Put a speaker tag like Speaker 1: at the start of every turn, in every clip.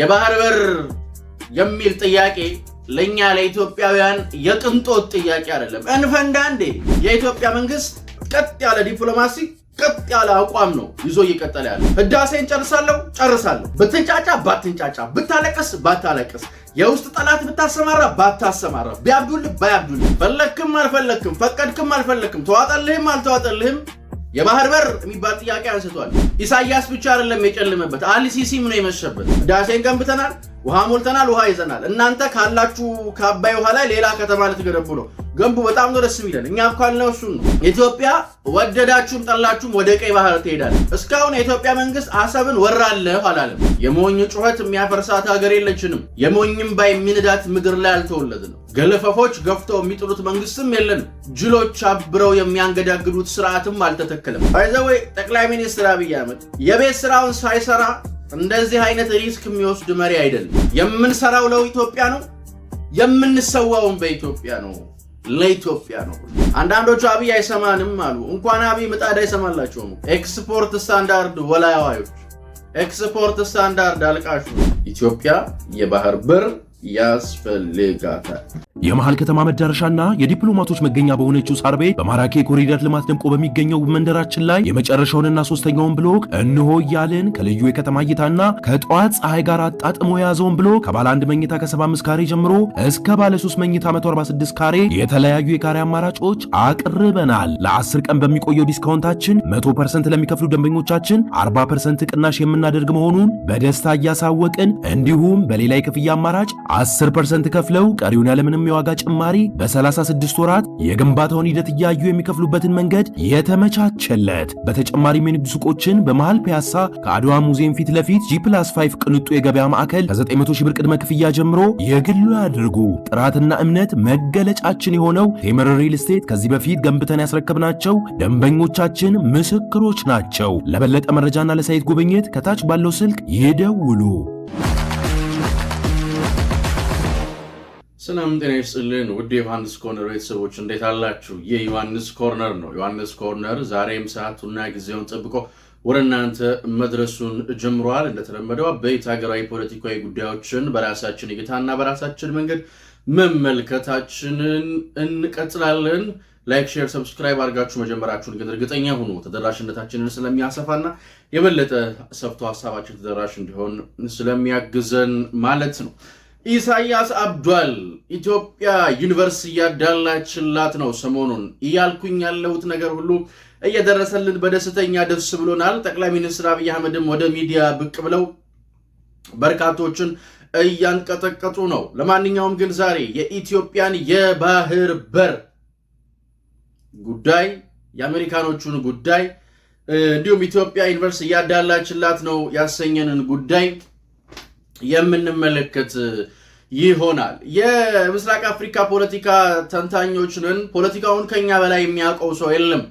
Speaker 1: የባህር በር የሚል ጥያቄ ለእኛ ለኢትዮጵያውያን የቅንጦት ጥያቄ አይደለም። እንፈንዳ እንዴ! የኢትዮጵያ መንግስት ቀጥ ያለ ዲፕሎማሲ ቀጥ ያለ አቋም ነው ይዞ እየቀጠለ ያለ። ህዳሴን ጨርሳለሁ ጨርሳለሁ፣ ብትንጫጫ ባትንጫጫ፣ ብታለቅስ ባታለቅስ፣ የውስጥ ጠላት ብታሰማራ ባታሰማራ፣ ቢያብዱልህ ባያብዱልህ፣ ፈለክም አልፈለክም፣ ፈቀድክም አልፈለክም፣ ተዋጠልህም አልተዋጠልህም የባህር በር የሚባል ጥያቄ አንስቷል። ኢሳያስ ብቻ አይደለም የጨለመበት፣ አልሲሲም ነው የመሸበት። ዳሴን ገንብተናል ውሃ ሞልተናል፣ ውሃ ይዘናል። እናንተ ካላችሁ ከአባይ ውሃ ላይ ሌላ ከተማ ልትገነቡ ነው፣ ገንቡ። በጣም ነው ደስ የሚለን። እኛ እኮ ያልነው እሱን ነው። ኢትዮጵያ ወደዳችሁም ጠላችሁም ወደ ቀይ ባህር ትሄዳል። እስካሁን የኢትዮጵያ መንግስት አሰብን ወራለሁ አላለም። የሞኝ ጩኸት የሚያፈርሳት ሀገር የለችንም። የሞኝም ባይ የሚንዳት ምድር ላይ አልተወለድ ነው። ገለፈፎች ገፍተው የሚጥሉት መንግስትም የለንም። ጅሎች አብረው የሚያንገዳግዱት ስርዓትም አልተተከለም። ባይዘወይ ጠቅላይ ሚኒስትር አብይ አህመድ የቤት ስራውን ሳይሰራ እንደዚህ አይነት ሪስክ የሚወስድ መሪ አይደለም። የምንሰራው ለኢትዮጵያ ነው፣ የምንሰዋውም በኢትዮጵያ ነው፣ ለኢትዮጵያ ነው። አንዳንዶቹ አብይ አይሰማንም አሉ። እንኳን አብይ ምጣድ አይሰማላቸውም። ኤክስፖርት ስታንዳርድ ወላዋዮች፣ ኤክስፖርት ስታንዳርድ አልቃሹ ኢትዮጵያ የባህር በር ያስፈልጋታል።
Speaker 2: የመሀል ከተማ መዳረሻና የዲፕሎማቶች መገኛ በሆነችው ሳር ቤት በማራኪ የኮሪደር ልማት ደምቆ በሚገኘው መንደራችን ላይ የመጨረሻውንና ሶስተኛውን ብሎክ እነሆ እያልን ከልዩ የከተማ እይታና ከጠዋት ፀሐይ ጋር አጣጥሞ የያዘውን ብሎክ ከባለ አንድ መኝታ ከ75 ካሬ ጀምሮ እስከ ባለ 3 መኝታ 146 ካሬ የተለያዩ የካሬ አማራጮች አቅርበናል። ለ10 ቀን በሚቆየው ዲስካውንታችን 100% ለሚከፍሉ ደንበኞቻችን 40% ቅናሽ የምናደርግ መሆኑን በደስታ እያሳወቅን እንዲሁም በሌላ የክፍያ አማራጭ 10% ከፍለው ቀሪውን ያለምንም የዋጋ ጭማሪ በ36 ወራት የግንባታውን ሂደት እያዩ የሚከፍሉበትን መንገድ የተመቻቸለት። በተጨማሪም የንግድ ሱቆችን በመሃል ፒያሳ ከአድዋ ሙዚየም ፊት ለፊት G+5 ቅንጡ የገበያ ማዕከል ከ900 ሺህ ብር ቅድመ ክፍያ ጀምሮ የግሉ ያድርጉ። ጥራትና እምነት መገለጫችን የሆነው ቴምር ሪል ስቴት ከዚህ በፊት ገንብተን ያስረከብናቸው ደንበኞቻችን ምስክሮች ናቸው። ለበለጠ መረጃና ለሳይት ጉብኝት ከታች ባለው ስልክ ይደውሉ።
Speaker 1: ሰላም ጤና ይስጥልን ውድ የዮሐንስ ኮርነር ቤተሰቦች እንዴት አላችሁ? ይህ ዮሐንስ ኮርነር ነው። ዮሐንስ ኮርነር ዛሬም ሰዓቱና ጊዜውን ጠብቆ ወደ እናንተ መድረሱን ጀምሯል። እንደተለመደው አበይት ሀገራዊ ፖለቲካዊ ጉዳዮችን በራሳችን እይታና በራሳችን መንገድ መመልከታችንን እንቀጥላለን። ላይክ፣ ሼር፣ ሰብስክራይብ አድርጋችሁ መጀመራችሁን ግን እርግጠኛ ሁኑ። ተደራሽነታችንን ስለሚያሰፋና የበለጠ ሰፍቶ ሀሳባችን ተደራሽ እንዲሆን ስለሚያግዘን ማለት ነው። ኢሳያስ አብዷል። ኢትዮጵያ ዩኒቨርስ እያዳላችላት ነው። ሰሞኑን እያልኩኝ ያለሁት ነገር ሁሉ እየደረሰልን በደስተኛ ደስ ብሎናል። ጠቅላይ ሚኒስትር አብይ አህመድም ወደ ሚዲያ ብቅ ብለው በርካቶችን እያንቀጠቀጡ ነው። ለማንኛውም ግን ዛሬ የኢትዮጵያን የባህር በር ጉዳይ፣ የአሜሪካኖቹን ጉዳይ እንዲሁም ኢትዮጵያ ዩኒቨርስ እያዳላችላት ነው ያሰኘንን ጉዳይ የምንመለከት ይሆናል። የምስራቅ አፍሪካ ፖለቲካ ተንታኞችንን ፖለቲካውን ከኛ በላይ የሚያውቀው ሰው የለም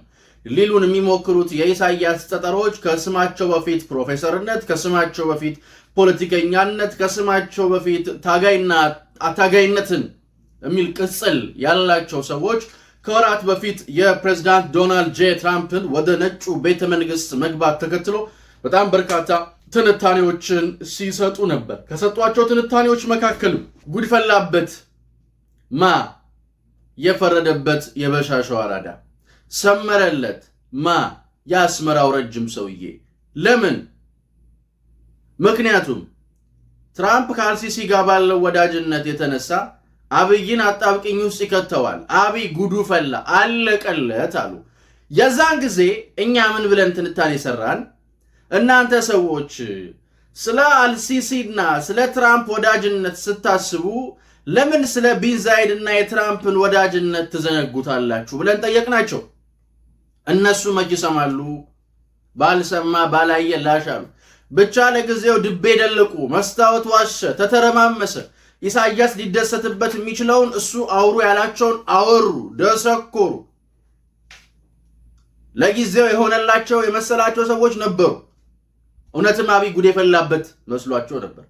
Speaker 1: ሊሉን የሚሞክሩት የኢሳያስ ጠጠሮች ከስማቸው በፊት ፕሮፌሰርነት፣ ከስማቸው በፊት ፖለቲከኛነት፣ ከስማቸው በፊት ታጋይና አታጋይነትን የሚል ቅጽል ያላቸው ሰዎች ከወራት በፊት የፕሬዝዳንት ዶናልድ ጄ ትራምፕን ወደ ነጩ ቤተ መንግስት መግባት ተከትሎ በጣም በርካታ ትንታኔዎችን ሲሰጡ ነበር። ከሰጧቸው ትንታኔዎች መካከል ጉድፈላበት ማ የፈረደበት የበሻሻው አራዳ ሰመረለት ማ የአስመራው ረጅም ሰውዬ ለምን? ምክንያቱም ትራምፕ ከአልሲሲ ጋር ባለው ወዳጅነት የተነሳ አብይን አጣብቅኝ ውስጥ ይከተዋል። አብይ ጉዱ ፈላ አለቀለት አሉ። የዛን ጊዜ እኛ ምን ብለን ትንታኔ ሰራን? እናንተ ሰዎች ስለ አልሲሲና ስለ ትራምፕ ወዳጅነት ስታስቡ ለምን ስለ ቢንዛይድ እና የትራምፕን ወዳጅነት ትዘነጉታላችሁ ብለን ጠየቅናቸው። እነሱ መች ይሰማሉ? ባልሰማ ባላየ ላሽ ብቻ ለጊዜው ድቤ ደለቁ። መስታወት ዋሸ፣ ተተረማመሰ። ኢሳያስ ሊደሰትበት የሚችለውን እሱ አውሩ ያላቸውን አወሩ፣ ደሰኮሩ። ለጊዜው የሆነላቸው የመሰላቸው ሰዎች ነበሩ። እውነትም አብይ ጉድ የፈላበት መስሏቸው ነበር።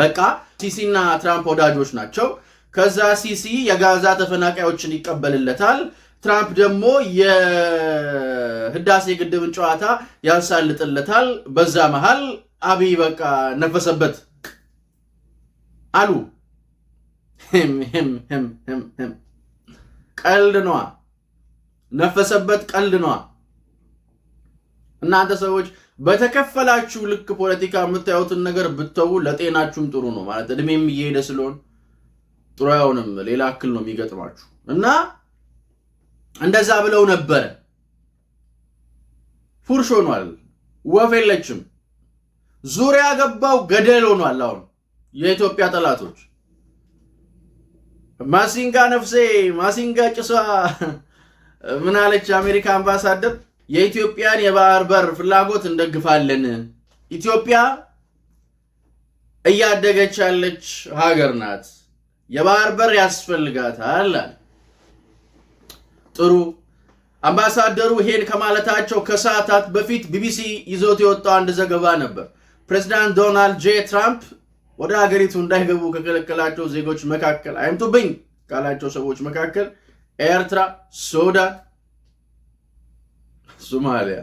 Speaker 1: በቃ ሲሲና ትራምፕ ወዳጆች ናቸው። ከዛ ሲሲ የጋዛ ተፈናቃዮችን ይቀበልለታል። ትራምፕ ደግሞ የህዳሴ ግድብን ጨዋታ ያሳልጥለታል። በዛ መሃል አብይ በቃ ነፈሰበት አሉ። ቀልድ ነዋ፣ ነፈሰበት ቀልድ ነዋ። እናንተ ሰዎች በተከፈላችሁ ልክ ፖለቲካ የምታዩትን ነገር ብተዉ ለጤናችሁም ጥሩ ነው። ማለት እድሜም እየሄደ ስለሆን ጥሩ አይሆንም። ሌላ እክል ነው የሚገጥማችሁ እና እንደዛ ብለው ነበረ። ፉርሽ ሆኗል። ወፍ የለችም። ዙሪያ ገባው ገደል ሆኗል። አሁን የኢትዮጵያ ጠላቶች ማሲንጋ ነፍሴ ማሲንጋ ጭሷ ምን አለች? አምባሳደር የኢትዮጵያን የባህር በር ፍላጎት እንደግፋለን። ኢትዮጵያ እያደገች ያለች ሀገር ናት፣ የባህር በር ያስፈልጋታል አለ። ጥሩ አምባሳደሩ ይሄን ከማለታቸው ከሰዓታት በፊት ቢቢሲ ይዞት የወጣው አንድ ዘገባ ነበር። ፕሬዚዳንት ዶናልድ ጄ ትራምፕ ወደ ሀገሪቱ እንዳይገቡ ከከለከላቸው ዜጎች መካከል አይምጡብኝ ካላቸው ሰዎች መካከል ኤርትራ፣ ሱዳን ሶማሊያ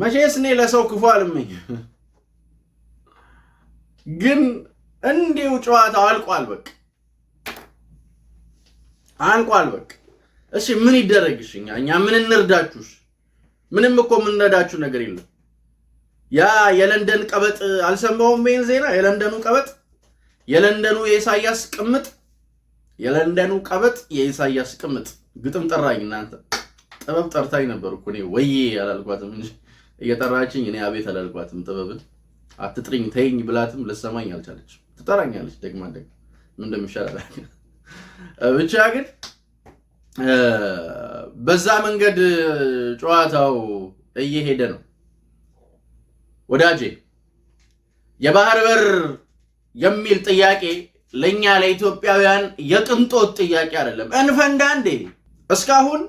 Speaker 1: መቼስ እኔ ለሰው ክፉ አልመኝ፣ ግን እንዲሁ ጨዋታው አልቋል። በቃ አልቋል። በቃ እሺ፣ ምን ይደረግሽ? እኛ እኛ ምን እንርዳችሁሽ? ምንም እኮ የምንረዳችሁ ነገር የለም። ያ የለንደን ቀበጥ አልሰማውም ቤን ዜና? የለንደኑ ቀበጥ የለንደኑ የኢሳያስ ቅምጥ የለንደኑ ቀበጥ የኢሳያስ ቅምጥ ግጥም ጠራኝ። እናንተ ጥበብ ጠርታኝ ነበር እኮ እኔ ወይዬ አላልኳትም እንጂ እየጠራችኝ እኔ አቤት አላልኳትም። ጥበብን አትጥሪኝ ተይኝ ብላትም ልሰማኝ አልቻለች። ትጠራኛለች ደግማ ደግ ምን እንደሚሻል ብቻ ግን በዛ መንገድ ጨዋታው እየሄደ ነው ወዳጄ። የባህር በር የሚል ጥያቄ ለእኛ ለኢትዮጵያውያን የቅንጦት ጥያቄ አይደለም። እንፈንዳ እንዴ! እስካሁን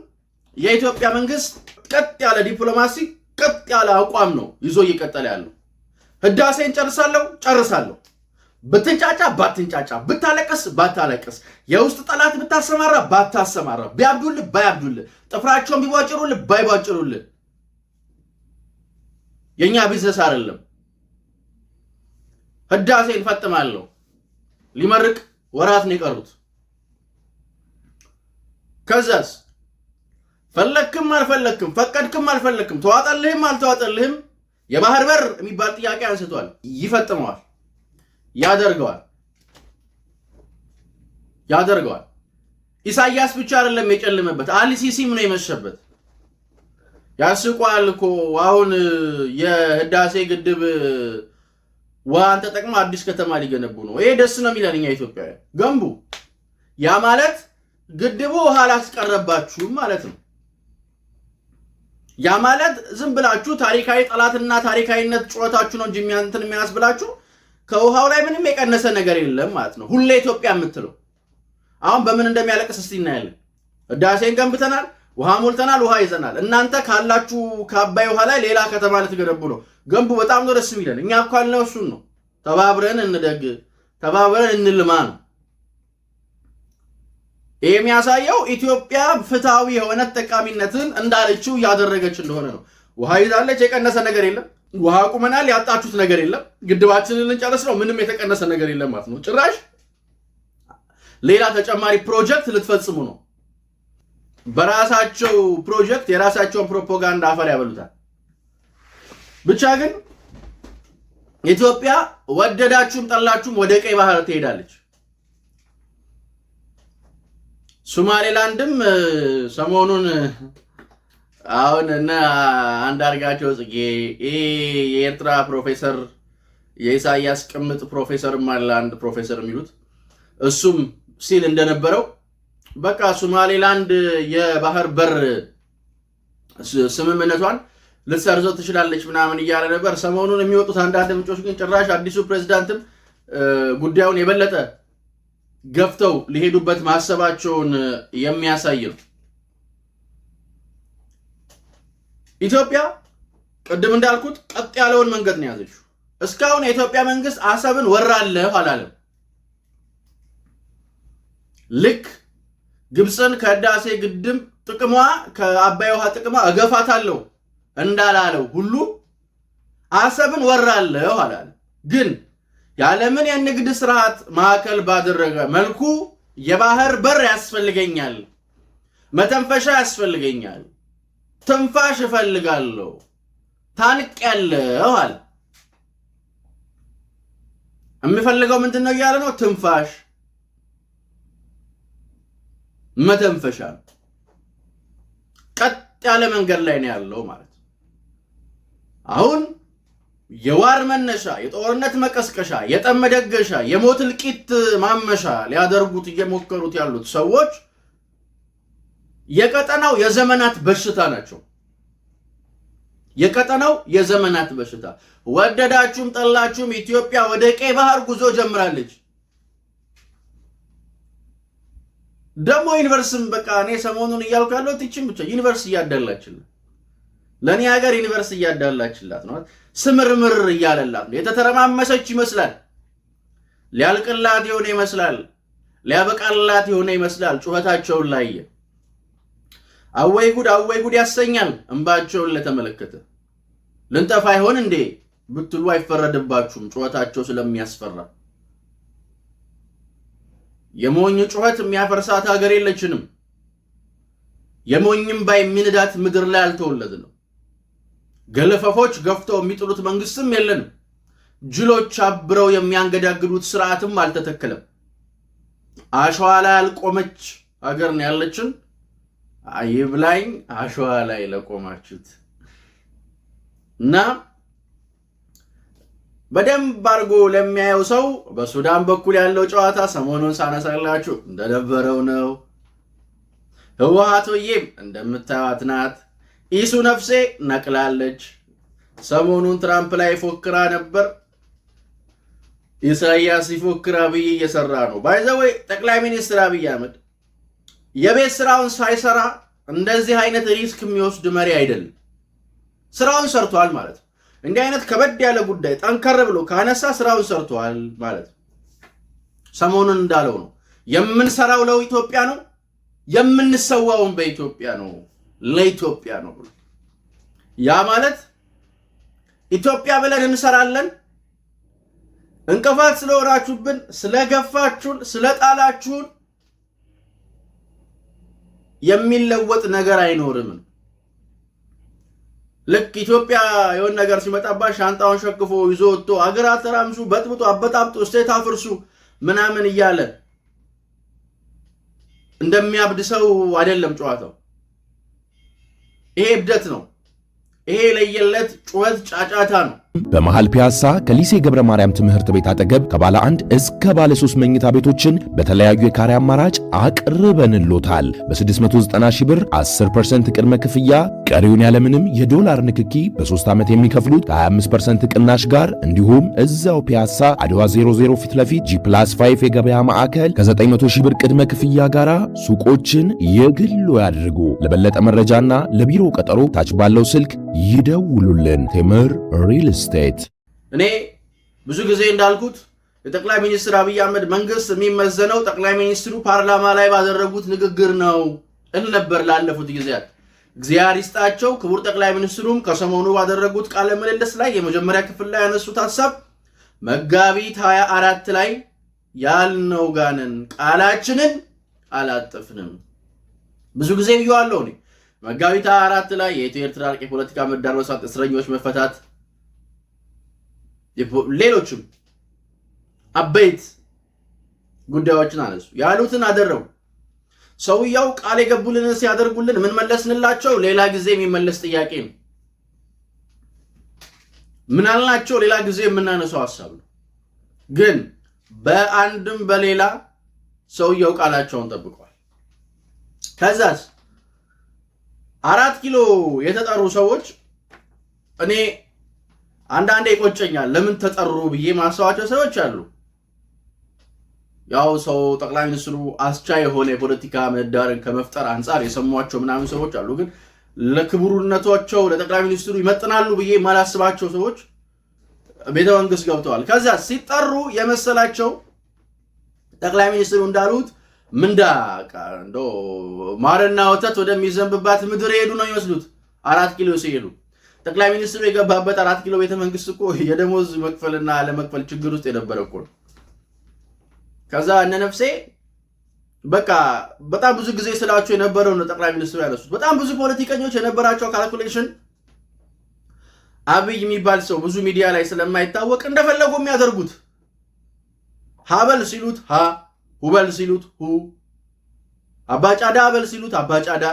Speaker 1: የኢትዮጵያ መንግስት ቀጥ ያለ ዲፕሎማሲ፣ ቀጥ ያለ አቋም ነው ይዞ እየቀጠለ ያለው። ህዳሴን ጨርሳለሁ ጨርሳለሁ፣ ብትንጫጫ ባትንጫጫ፣ ብታለቅስ ባታለቅስ፣ የውስጥ ጠላት ብታሰማራ ባታሰማራ፣ ቢያብዱልህ ባያብዱልህ፣ ጥፍራቸውን ቢቧጭሩልህ ባይቧጭሩልህ የእኛ ቢዝነስ አይደለም። ህዳሴን ፈጥማለሁ። ሊመርቅ ወራት ነው የቀሩት። ከዛስ ፈለክም አልፈለክም ፈቀድክም አልፈለክም ተዋጠልህም አልተዋጠልህም የባህር በር የሚባል ጥያቄ አንስቷል። ይፈጥመዋል፣ ያደርገዋል ያደርገዋል። ኢሳያስ ብቻ አይደለም የጨለመበት፣ አልሲሲም ነው የመሸበት። ያስቋል እኮ አሁን የህዳሴ ግድብ ውሃን ተጠቅሞ አዲስ ከተማ ሊገነቡ ነው። ይሄ ደስ ነው የሚለን እኛ ኢትዮጵያውያን ገንቡ። ያ ማለት ግድቡ ውሃ አላስቀረባችሁም ማለት ነው። ያ ማለት ዝም ብላችሁ ታሪካዊ ጠላትና ታሪካዊነት ጩኸታችሁ ነው እንጂ እንትን የሚያስብላችሁ ከውሃው ላይ ምንም የቀነሰ ነገር የለም ማለት ነው። ሁሌ ኢትዮጵያ የምትለው አሁን በምን እንደሚያለቅስ እስቲ እናያለን። ህዳሴን ገንብተናል፣ ውሃ ሞልተናል፣ ውሃ ይዘናል። እናንተ ካላችሁ ከአባይ ውሃ ላይ ሌላ ከተማ ልትገነቡ ነው። ገንቡ፣ በጣም ነው ደስ የሚለን። እኛ እኮ ያልነው እሱን ነው። ተባብረን እንደግ፣ ተባብረን እንልማ ነው ይህ የሚያሳየው ኢትዮጵያ ፍትሐዊ የሆነ ተጠቃሚነትን እንዳለችው እያደረገች እንደሆነ ነው። ውሃ ይዛለች፣ የቀነሰ ነገር የለም። ውሃ ቁመናል፣ ያጣችሁት ነገር የለም። ግድባችንን ልንጨርስ ነው፣ ምንም የተቀነሰ ነገር የለም ማለት ነው። ጭራሽ ሌላ ተጨማሪ ፕሮጀክት ልትፈጽሙ ነው። በራሳቸው ፕሮጀክት የራሳቸውን ፕሮፓጋንዳ አፈር ያበሉታል። ብቻ ግን ኢትዮጵያ ወደዳችሁም ጠላችሁም ወደ ቀይ ባህር ትሄዳለች። ሱማሌላንድም ሰሞኑን አሁን እነ አንዳርጋቸው ጽጌ የኤርትራ ፕሮፌሰር የኢሳያስ ቅምጥ ፕሮፌሰር አለ ፕሮፌሰር የሚሉት እሱም ሲል እንደነበረው በቃ ሱማሌላንድ የባህር በር ስምምነቷን ልትሰርዘው ትችላለች ምናምን እያለ ነበር። ሰሞኑን የሚወጡት አንዳንድ ምንጮች ግን ጭራሽ አዲሱ ፕሬዚዳንትም ጉዳዩን የበለጠ ገፍተው ሊሄዱበት ማሰባቸውን የሚያሳይ ነው። ኢትዮጵያ ቅድም እንዳልኩት ቀጥ ያለውን መንገድ ነው የያዘችው። እስካሁን የኢትዮጵያ መንግስት አሰብን ወራለሁ አላለም። ልክ ግብፅን ከህዳሴ ግድም ጥቅሟ ከአባይ ውሃ ጥቅሟ እገፋታለሁ እንዳላለው ሁሉ አሰብን ወራለሁ አላለም ግን የዓለምን የንግድ ስርዓት ማዕከል ባደረገ መልኩ የባህር በር ያስፈልገኛል፣ መተንፈሻ ያስፈልገኛል፣ ትንፋሽ እፈልጋለሁ፣ ታንቅ ያለው አለ። የሚፈልገው ምንድን ነው እያለ ነው? ትንፋሽ፣ መተንፈሻ። ቀጥ ያለ መንገድ ላይ ነው ያለው ማለት አሁን የዋር መነሻ፣ የጦርነት መቀስቀሻ፣ የጠብ መደገሻ፣ የሞት እልቂት ማመሻ ሊያደርጉት እየሞከሩት ያሉት ሰዎች የቀጠናው የዘመናት በሽታ ናቸው። የቀጠናው የዘመናት በሽታ ወደዳችሁም ጠላችሁም ኢትዮጵያ ወደ ቀይ ባህር ጉዞ ጀምራለች። ደግሞ ዩኒቨርስም በቃ እኔ ሰሞኑን እያልኩ ያለሁት ይችን ብቻ ዩኒቨርስ እያደላችን ለእኔ ሀገር ዩኒቨርስ እያዳላችላት ነው። ስምርምር እያለላት ነው። የተተረማመሰች ይመስላል። ሊያልቅላት የሆነ ይመስላል። ሊያበቃላት የሆነ ይመስላል። ጩኸታቸውን ላየ አወይ ጉድ አወይ ጉድ ያሰኛል። እንባቸውን ለተመለከተ ልንጠፋ ይሆን እንዴ ብትሉ አይፈረድባችሁም። ጩኸታቸው ስለሚያስፈራ የሞኝ ጩኸት የሚያፈርሳት ሀገር የለችንም። የሞኝም ባይ የሚንዳት ምድር ላይ አልተወለድንም። ገለፈፎች ገፍተው የሚጥሉት መንግስትም የለንም። ጅሎች አብረው የሚያንገዳግዱት ስርዓትም አልተተከለም። አሸዋ ላይ አልቆመች አገር ነው ያለችን። ይብላኝ አሸዋ ላይ ለቆማችሁት እና በደንብ አድርጎ ለሚያየው ሰው በሱዳን በኩል ያለው ጨዋታ ሰሞኑን ሳነሳላችሁ እንደነበረው ነው። ህወሓት ወዬም እንደምታዩት ናት። ኢሱ ነፍሴ ነቅላለች። ሰሞኑን ትራምፕ ላይ ፎክራ ነበር። ኢሳያስ ሲፎክር አብይ እየሰራ ነው። ባይዘወይ ጠቅላይ ሚኒስትር አብይ አህመድ የቤት ስራውን ሳይሰራ እንደዚህ አይነት ሪስክ የሚወስድ መሪ አይደለም። ስራውን ሰርቷል ማለት ነው። እንዲህ አይነት ከበድ ያለ ጉዳይ ጠንከር ብሎ ካነሳ ስራውን ሰርቷል ማለት ነው። ሰሞኑን እንዳለው ነው የምንሰራው ኢትዮጵያ ነው፣ የምንሰዋውን በኢትዮጵያ ነው። ለኢትዮጵያ ነው ብሎ ያ ማለት ኢትዮጵያ ብለን እንሰራለን። እንቅፋት ስለሆናችሁብን፣ ስለገፋችሁን፣ ስለጣላችሁን የሚለወጥ ነገር አይኖርም። ልክ ኢትዮጵያ የሆን ነገር ሲመጣባት ሻንጣውን ሸክፎ ይዞ ወጥቶ አገር አተራምሱ፣ በጥብጦ፣ አበጣብጦ፣ እስቴት አፍርሱ ምናምን እያለ እንደሚያብድ ሰው አይደለም ጨዋታው። ይሄ እብደት ነው። ይሄ የለየለት ጩኸት ጫጫታ ነው።
Speaker 2: በመሃል ፒያሳ ከሊሴ ገብረ ማርያም ትምህርት ቤት አጠገብ ከባለ አንድ እስከ ባለ 3 መኝታ ቤቶችን በተለያዩ የካሬ አማራጭ አቅርበንሎታል። በ690 ሺህ ብር 10% ቅድመ ክፍያ፣ ቀሪውን ያለምንም የዶላር ንክኪ በ3 ዓመት የሚከፍሉት ከ25% ቅናሽ ጋር እንዲሁም እዛው ፒያሳ አድዋ 00 ፊት ለፊት G+5 የገበያ ማዕከል ከ900 ሺህ ብር ቅድመ ክፍያ ጋራ ሱቆችን የግሉ ያድርጉ። ለበለጠ መረጃና ለቢሮ ቀጠሮ ታች ባለው ስልክ ይደውሉልን። ቴምር ሪልስ
Speaker 1: እኔ ብዙ ጊዜ እንዳልኩት የጠቅላይ ሚኒስትር አብይ አህመድ መንግስት የሚመዘነው ጠቅላይ ሚኒስትሩ ፓርላማ ላይ ባደረጉት ንግግር ነው እል ነበር ላለፉት ጊዜያት። እግዚአብሔር ይስጣቸው። ክቡር ጠቅላይ ሚኒስትሩም ከሰሞኑ ባደረጉት ቃለ ምልልስ ላይ የመጀመሪያ ክፍል ላይ ያነሱት ሀሳብ መጋቢት 24 ላይ ያልነው ጋንን ቃላችንን አላጠፍንም። ብዙ ጊዜ እኔ መጋቢት 24 ላይ የኢትዮ ኤርትራ የፖለቲካ መዳር በሳት እስረኞች መፈታት ሌሎችም አበይት ጉዳዮችን አነሱ። ያሉትን አደረጉ። ሰውየው ቃል የገቡልን ሲያደርጉልን ምን መለስንላቸው? ሌላ ጊዜ የሚመለስ ጥያቄ ነው። ምን አልናቸው? ሌላ ጊዜ የምናነሰው ሀሳብ ነው። ግን በአንድም በሌላ ሰውየው ቃላቸውን ጠብቀዋል። ከዛስ አራት ኪሎ የተጠሩ ሰዎች እኔ አንዳንዴ ይቆጨኛል። ለምን ተጠሩ ብዬ ማሰባቸው ሰዎች አሉ። ያው ሰው ጠቅላይ ሚኒስትሩ አስቻ የሆነ የፖለቲካ ምህዳርን ከመፍጠር አንጻር የሰሟቸው ምናምን ሰዎች አሉ። ግን ለክቡርነቶቸው ለጠቅላይ ሚኒስትሩ ይመጥናሉ ብዬ የማላስባቸው ሰዎች ቤተ መንግስት ገብተዋል። ከዚያ ሲጠሩ የመሰላቸው ጠቅላይ ሚኒስትሩ እንዳሉት ምንዳ እንደ ማርና ወተት ወደሚዘንብባት ምድር የሄዱ ነው ይመስሉት አራት ኪሎ ሲሄዱ ጠቅላይ ሚኒስትሩ የገባበት አራት ኪሎ ቤተ መንግስት እኮ የደሞዝ መክፈልና ለመክፈል ችግር ውስጥ የነበረ እኮ ነው። ከዛ እነ ነፍሴ በቃ በጣም ብዙ ጊዜ ስላቸው የነበረው ነው ጠቅላይ ሚኒስትሩ ያነሱት። በጣም ብዙ ፖለቲከኞች የነበራቸው ካልኩሌሽን አብይ የሚባል ሰው ብዙ ሚዲያ ላይ ስለማይታወቅ እንደፈለጉ የሚያደርጉት ሀበል ሲሉት ሀ፣ ሁበል ሲሉት ሁ፣ አባጫዳ አበል ሲሉት አባጫዳ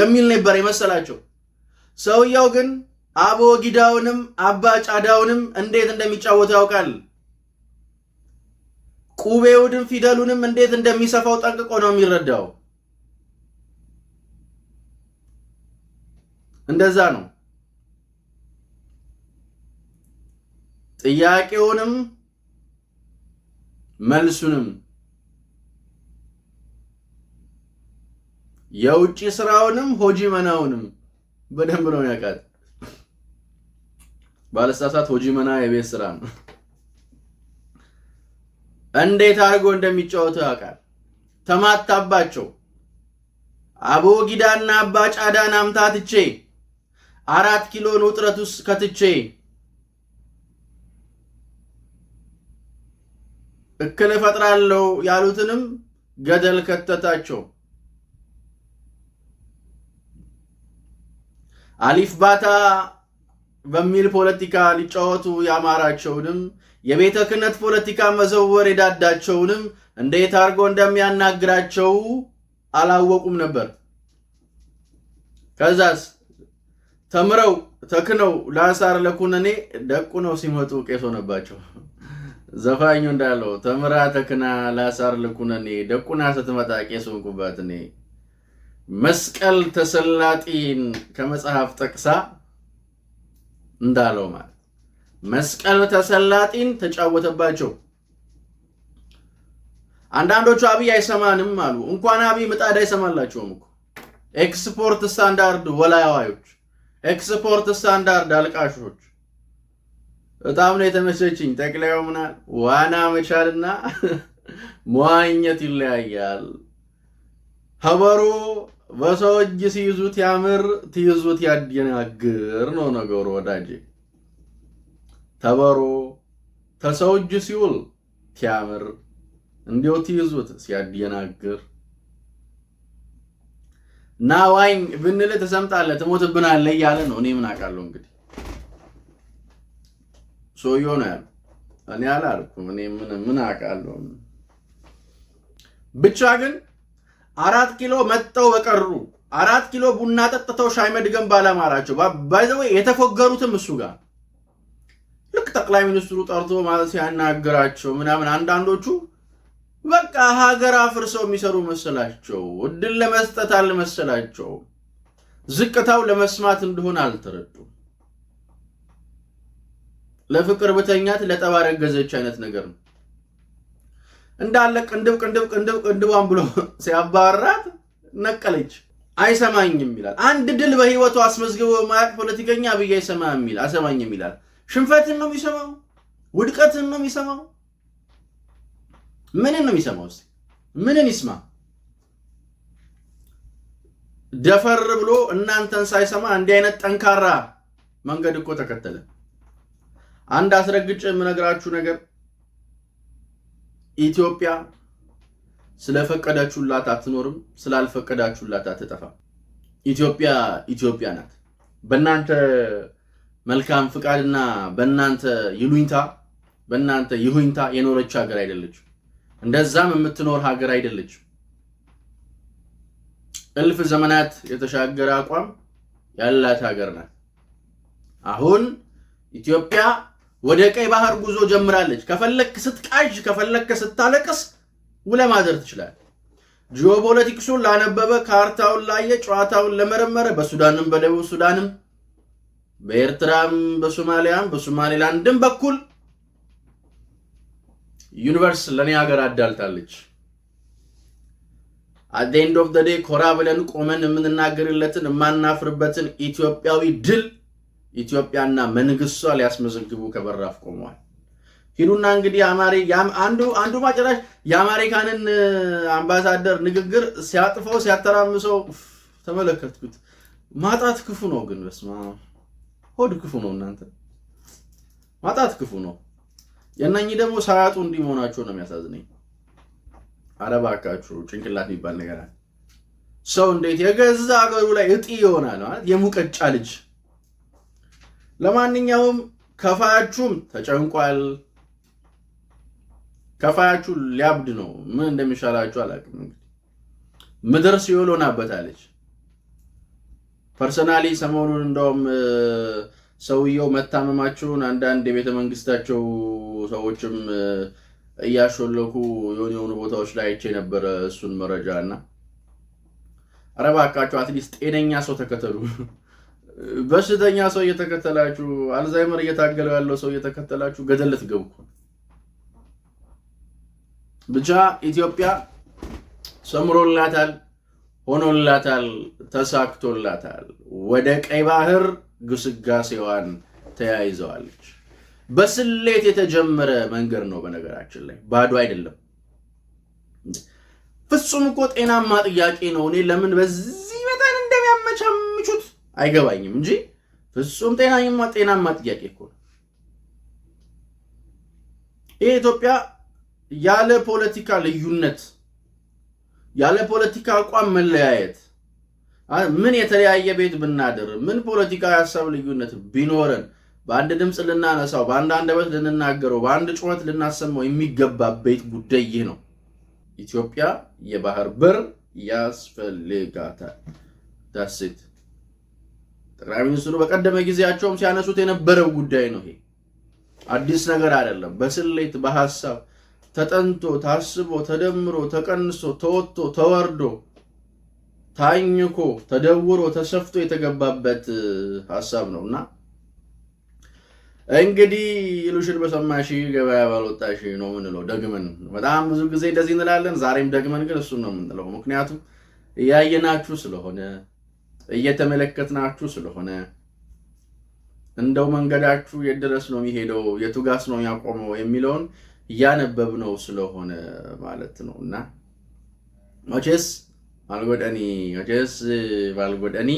Speaker 1: የሚል ነበር የመሰላቸው። ሰውየው ግን አቦ ጊዳውንም አባ ጫዳውንም እንዴት እንደሚጫወቱ ያውቃል። ቁቤውንም ፊደሉንም እንዴት እንደሚሰፋው ጠንቅቆ ነው የሚረዳው። እንደዛ ነው። ጥያቄውንም መልሱንም የውጭ ስራውንም ሆጂ መናውንም በደንብ ነው ያውቃል። ባለሳሳት ሆጂመና የቤት ስራ ነው። እንዴት አድርጎ እንደሚጫወቱ ያውቃል። ተማታባቸው። አቦ ጊዳና አባ ጫዳን አምታ ትቼ አራት ኪሎን ውጥረት ውስጥ ከትቼ እክል እፈጥራለሁ ያሉትንም ገደል ከተታቸው። አሊፍ ባታ በሚል ፖለቲካ ሊጫወቱ ያማራቸውንም የቤተ ክህነት ፖለቲካ መዘወር የዳዳቸውንም እንዴት አድርጎ እንደሚያናግራቸው አላወቁም ነበር። ከዛስ ተምረው ተክነው ለአንሳር ለኩነኔ ደቁ ነው ሲመጡ ቄስ ሆነባቸው። ዘፋኙ እንዳለው ተምራ ተክና ለአሳር ለኩነኔ ደቁና ስትመጣ ቄስ ሆንኩባት እኔ መስቀል ተሰላጢን ከመጽሐፍ ጠቅሳ እንዳለው ማለት መስቀል ተሰላጢን ተጫወተባቸው። አንዳንዶቹ አብይ አይሰማንም አሉ። እንኳን አብይ ምጣድ አይሰማላቸውም እኮ ኤክስፖርት ስታንዳርድ ወላዋዮች፣ ኤክስፖርት ስታንዳርድ አልቃሾች። በጣም ነው የተመቸችኝ። ጠቅላዩ ምናል ዋና መቻልና መዋኘት ይለያያል። ሀበሩ በሰው እጅ ሲይዙት ያምር ትይዙት ያደናግር ነው ነገሩ ወዳጄ። ተበሮ ተሰው እጅ ሲውል ቲያምር እንዲው ትይዙት ሲያደናግር። ና ዋኝ ብንል ተሰምጣለ ትሞትብናለ እያለ ነው። እኔ ምን አውቃለሁ እንግዲህ ሰውዬው ነው እኔ አላልኩም። እኔ ምን ምን አውቃለሁ ብቻ ግን አራት ኪሎ መጠው በቀሩ አራት ኪሎ ቡና ጠጥተው ሻይ መድገን ባለማራቸው ባይዘው የተፎገሩትም እሱ ጋር ልክ ጠቅላይ ሚኒስትሩ ጠርቶ ማለት ሲያናግራቸው ምናምን አንዳንዶቹ በቃ ሀገር አፍርሰው የሚሰሩ መሰላቸው። እድል ለመስጠት አልመሰላቸው። ዝቅታው ለመስማት እንደሆነ አልተረዱም። ለፍቅር ብተኛት ለጠባረገዘች አይነት ነገር ነው። እንዳለ ቅንድብ ቅንድብ ቅንድብ ቅንድቧን ብሎ ሲያባራት ነቀለች። አይሰማኝም ይላል። አንድ ድል በህይወቱ አስመዝግቦ ማያቅ ፖለቲከኛ ብዬ አይሰማም ይላል። ይላል። ሽንፈትን ነው የሚሰማው፣ ውድቀትን ነው የሚሰማው። ምንን ነው የሚሰማው? ምንን ይስማ? ደፈር ብሎ እናንተን ሳይሰማ እንዲህ አይነት ጠንካራ መንገድ እኮ ተከተለ። አንድ አስረግጬ የምነግራችሁ ነገር ኢትዮጵያ ስለፈቀዳችሁላት አትኖርም፣ ስላልፈቀዳችሁላት አትጠፋም። ኢትዮጵያ ኢትዮጵያ ናት። በእናንተ መልካም ፍቃድና በእናንተ ይሉኝታ በእናንተ ይሁኝታ የኖረች ሀገር አይደለችም። እንደዛም የምትኖር ሀገር አይደለችም። እልፍ ዘመናት የተሻገረ አቋም ያላት ሀገር ናት። አሁን ኢትዮጵያ ወደ ቀይ ባህር ጉዞ ጀምራለች። ከፈለክ ስትቃዥ፣ ከፈለክ ስታለቅስ ውለ ማደር ትችላለህ። ጂኦፖለቲክሱን ላነበበ፣ ካርታውን ላየ፣ ጨዋታውን ለመረመረ በሱዳንም በደቡብ ሱዳንም በኤርትራም በሶማሊያም በሶማሌላንድም በኩል ዩኒቨርስ ለእኔ ሀገር አዳልታለች። አት ኤንድ ኦፍ ዘ ዴይ ኮራ ብለን ቆመን የምንናገርለትን የማናፍርበትን ኢትዮጵያዊ ድል ኢትዮጵያና መንግስቷ ሊያስመዘግቡ ከበራፍ ቆመዋል። ሂዱና እንግዲህ አንዱ አንዱ ማጨራሽ የአሜሪካንን አምባሳደር ንግግር ሲያጥፈው ሲያተራምሰው ተመለከትኩት። ማጣት ክፉ ነው፣ ግን በስመ አብ ሆድ ክፉ ነው። እናንተ ማጣት ክፉ ነው። የእነኚህ ደግሞ ሳያጡ እንዲህ መሆናቸው ነው የሚያሳዝነኝ። ኧረ እባካችሁ ጭንቅላት የሚባል ነገር አለ። ሰው እንዴት የገዛ ሀገሩ ላይ እጢ ይሆናል? ማለት የሙቀጫ ልጅ ለማንኛውም ከፋያችሁም ተጨንቋል። ከፋያችሁ ሊያብድ ነው። ምን እንደሚሻላችሁ አላውቅም። እንግዲህ ምድር ሲኦል ሆናበታለች። ፐርሰናሊ ሰሞኑን እንደውም ሰውየው መታመማቸውን አንዳንድ የቤተ መንግስታቸው ሰዎችም እያሾለኩ የሆኑ የሆኑ ቦታዎች ላይ አይቼ ነበረ እሱን መረጃ እና ኧረ እባካችሁ አትሊስት ጤነኛ ሰው ተከተሉ። በሽተኛ ሰው እየተከተላችሁ አልዛይመር እየታገለው ያለው ሰው እየተከተላችሁ ገደል ልትገቡ ብቻ ኢትዮጵያ ሰምሮላታል፣ ሆኖላታል፣ ተሳክቶላታል። ወደ ቀይ ባህር ግስጋሴዋን ተያይዘዋለች። በስሌት የተጀመረ መንገድ ነው። በነገራችን ላይ ባዶ አይደለም። ፍጹም እኮ ጤናማ ጥያቄ ነው። እኔ ለምን በዚህ አይገባኝም እንጂ ፍጹም ጤናማ ጤናማ ጥያቄ እኮ ነው። ይህ ኢትዮጵያ ያለ ፖለቲካ ልዩነት ያለ ፖለቲካ አቋም መለያየት ምን የተለያየ ቤት ብናድር ምን ፖለቲካ ሀሳብ ልዩነት ቢኖረን በአንድ ድምፅ ልናነሳው በአንድ አንደበት ልንናገረው በአንድ ጩኸት ልናሰማው የሚገባ ቤት ጉዳይ ይህ ነው። ኢትዮጵያ የባህር በር ያስፈልጋታል። ዳሴት ጠቅላይ ሚኒስትሩ በቀደመ ጊዜያቸውም ሲያነሱት የነበረው ጉዳይ ነው። ይሄ አዲስ ነገር አይደለም። በስሌት በሀሳብ ተጠንቶ ታስቦ ተደምሮ ተቀንሶ ተወጥቶ ተወርዶ ታኝኮ ተደውሮ ተሰፍቶ የተገባበት ሀሳብ ነው እና እንግዲህ ይሉሽን በሰማሽ ገበያ ባልወጣሽ ነው ምንለው። ደግመን በጣም ብዙ ጊዜ እንደዚህ እንላለን። ዛሬም ደግመን ግን እሱን ነው የምንለው፣ ምክንያቱም እያየናችሁ ስለሆነ እየተመለከትናችሁ ስለሆነ እንደው መንገዳችሁ የት ድረስ ነው የሚሄደው፣ የቱጋስ ነው ያቆመው የሚለውን እያነበብነው ስለሆነ ማለት ነው እና መቼስ ባልጎደኒ መቼስ ባልጎደኒ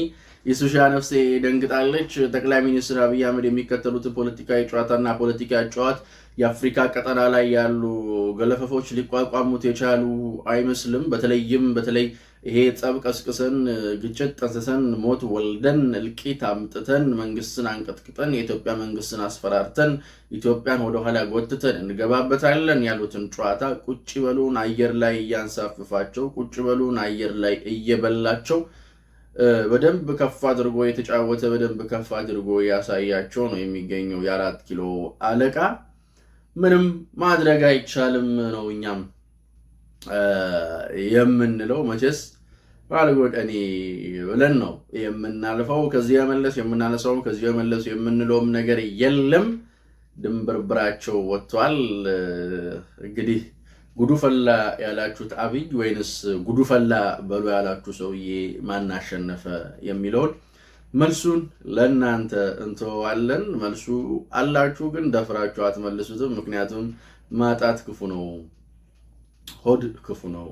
Speaker 1: የሱሻ ነፍሴ ደንግጣለች። ጠቅላይ ሚኒስትር አብይ አህመድ የሚከተሉትን ፖለቲካዊ ጨዋታና ፖለቲካ ጨዋት የአፍሪካ ቀጠና ላይ ያሉ ገለፈፎች ሊቋቋሙት የቻሉ አይመስልም። በተለይም በተለይ ይሄ ጸብ ቀስቅሰን ግጭት ጠንስሰን ሞት ወልደን እልቂት አምጥተን መንግስትን አንቀጥቅጠን የኢትዮጵያ መንግስትን አስፈራርተን ኢትዮጵያን ወደኋላ ጎትተን እንገባበታለን ያሉትን ጨዋታ ቁጭ በሉን አየር ላይ እያንሳፍፋቸው ቁጭ በሉን አየር ላይ እየበላቸው በደንብ ከፍ አድርጎ የተጫወተ በደንብ ከፍ አድርጎ ያሳያቸው ነው የሚገኘው የአራት ኪሎ አለቃ። ምንም ማድረግ አይቻልም ነው እኛም የምንለው መቼስ ባለጎድ እኔ ብለን ነው የምናልፈው። ከዚህ የመለስ የምናነሳውም ከዚህ የመለስ የምንለውም ነገር የለም። ድንብርብራቸው ወጥቷል። እንግዲህ ጉዱ ፈላ ያላችሁት አብይ ወይንስ ጉዱ ፈላ በሉ ያላችሁ ሰውዬ ማን አሸነፈ የሚለውን መልሱን ለእናንተ እንተዋለን። መልሱ አላችሁ ግን ደፍራችሁ አትመልሱትም። ምክንያቱም ማጣት ክፉ ነው። ሆድ ክፉ ነው፣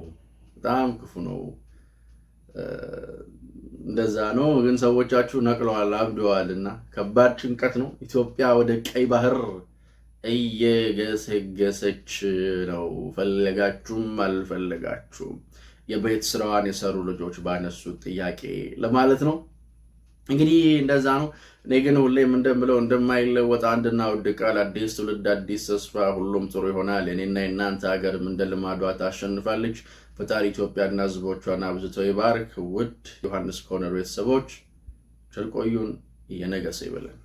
Speaker 1: በጣም ክፉ ነው። እንደዛ ነው። ግን ሰዎቻችሁ ነቅለዋል፣ አብደዋል እና ከባድ ጭንቀት ነው። ኢትዮጵያ ወደ ቀይ ባህር እየገሰገሰች ነው። ፈለጋችሁም አልፈለጋችሁም የቤት ስራዋን የሰሩ ልጆች ባነሱት ጥያቄ ለማለት ነው። እንግዲህ እንደዛ ነው። እኔ ግን ሁሌም እንደምለው እንደማይለወጥ አንድና ውድ ቃል፣ አዲስ ትውልድ፣ አዲስ ተስፋ፣ ሁሉም ጥሩ ይሆናል። የኔና የእናንተ ሀገርም እንደ ልማዷ ታሸንፋለች። ፈጣሪ ኢትዮጵያና ሕዝቦቿን አብዝቶ ይባርክ። ውድ ዮሐንስ ኮርነር ቤተሰቦች ቸር ቆዩን። የነገ ሰው ይበለን።